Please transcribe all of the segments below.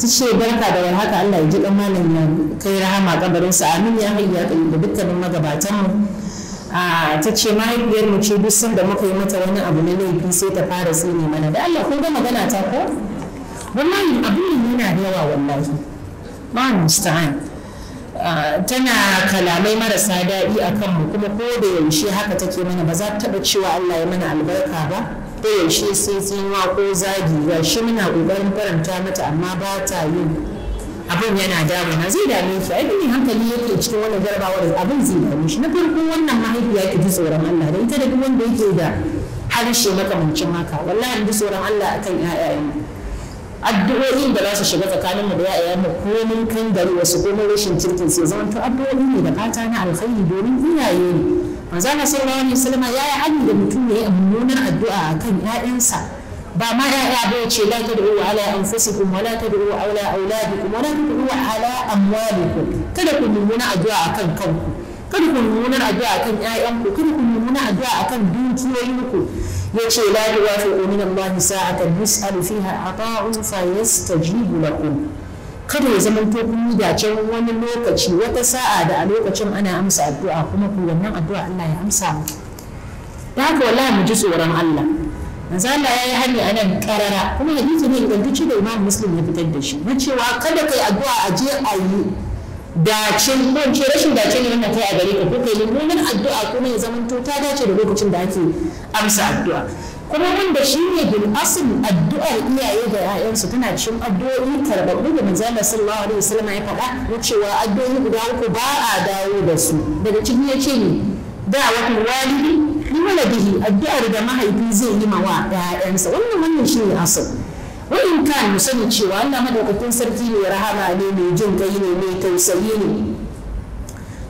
ta ce barka da haka Allah ya ji dan malam ya kai rahama kabarin sa amin ya hayya da dukkanin magabatan mu ta ce mahaifiyar mu ce duk sun da muka yi mata wani abu na laifi sai ta fara tsini mana da Allah kun ga magana ta ko wallahi abin yana da yawa wallahi mu musta'an tana kalamai marasa daɗi a kanmu kuma ko da yaushe haka take mana ba za ta taɓa cewa Allah ya mana albarka ba ta yaushe sai tsinuwa ko zagi ga shi muna ƙoƙarin faranta mata amma ba ta yin abin yana na zai dame ki ai ne hankali yake cikin wannan jarabawa da abin zai dame shi na farko wannan mahaifiya ki ji tsoron Allah da ita da duk wanda yake da harshe makamancin haka wallahi ji tsoron Allah akan ƴaƴayen addu'o'in da za su shiga tsakanin mu da yaya mu ko mun kan gari wasu mun rashin cikin sai zaman to addu'o'i ne da fata na alkhairi domin iyaye ne manzo na sallallahu alaihi wasallam ya yi hali da mutum ya yi mummunar addu'a ƴaƴansa ba ma ƴaƴa ba yace la tad'u ala anfusikum wa la tad'u ala auladikum wa la tad'u ala amwalikum kada ku nuna addu'a akan kanku kada ku nuna addu'a akan ƴaƴanku kada ku nuna addu'a akan dukiyoyinku yace la tuwafiqu min Allah sa'atan yus'alu fiha ata'un fa yastajibu lakum kada ya zama to kun yi dacen wani lokaci wata sa'a da a lokacin ana amsa addu'a kuma ku wannan addu'a Allah ya amsa muku da haka wallahi mu ji tsoron Allah manzo Allah ya yi hani a nan karara kuma hadisi ne ingantacce da Imam Muslim ya fitar da shi na cewa kada kai addu'a a je a yi dace ko ce rashin dace ne wannan kai a gare ka ko kai mummunan addu'a kuma ya zama to ta dace da lokacin da ake amsa addu'a kuma wanda shi ne bil asl addu'ar iyaye da 'ya'yansu tana cin addu'o'i karɓar da manzo Allah sallallahu alaihi wasallam ya faɗa na cewa addu'o'i guda uku ba a dawo da su daga cikin yake ne da wa walidi ni waladihi addu'ar da mahaifi zai yi mawa ‘ya'yansa wannan wannan shi ne asal wa'in kan mu sani cewa Allah madaukakin sarki ne rahama ne mai jin kai ne mai tausayi ne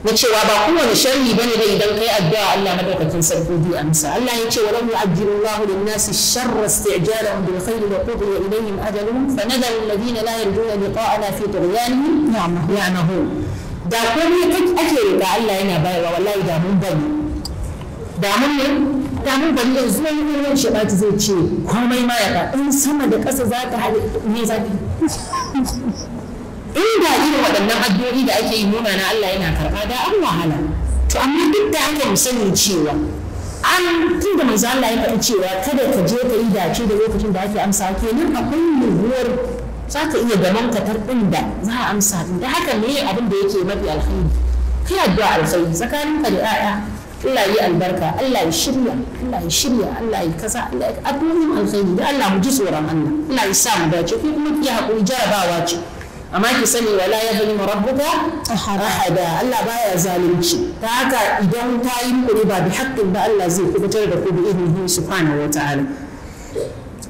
na cewa ba kowane sharri bane da idan kai addu'a Allah madaukakin sarki bi amsa Allah ya ce walam yu'ajjilu Allahu lin-nasi sharra isti'jalahum bil khayri wa qudiya ilayhim ajaluhum fa nadara alladhina la yarjuna liqa'ana fi tughyanihim ya'mahun da komai ake riga Allah yana bayarwa wallahi da mun bane damun ne damun gari yanzu yi wani yan shaɓaci zai ce komai ma ya in sama da ƙasa za ka haɗe ne za ka inda irin waɗannan addu'o'i da ake yi nuna na Allah yana karɓa da an wahala to amma duk da haka mu sani cewa an tun da manzo Allah ya faɗi cewa kada ka je ka yi dace da lokacin da ake amsa kenan akwai yiwuwar za ka iya gaman katar ɗin da za a amsa da haka ne abin da yake mafi alkhairi kai addu'a alkhairi tsakaninka da 'ya'ya Allah yi albarka Allah ya shirya Allah ya shirya Allah kasa Allah ya abubuwan alkhairi da Allah mu ji tsoron Allah Allah ya sa mu dace kuma ki hakuri jarabawa ce amma ki sani wala ya bani rabbuka ahada Allah baya zalunci ta haka idan ta yi kuri ba bi haƙƙin ba Allah zai kubutar da ku bi idin subhanahu wataala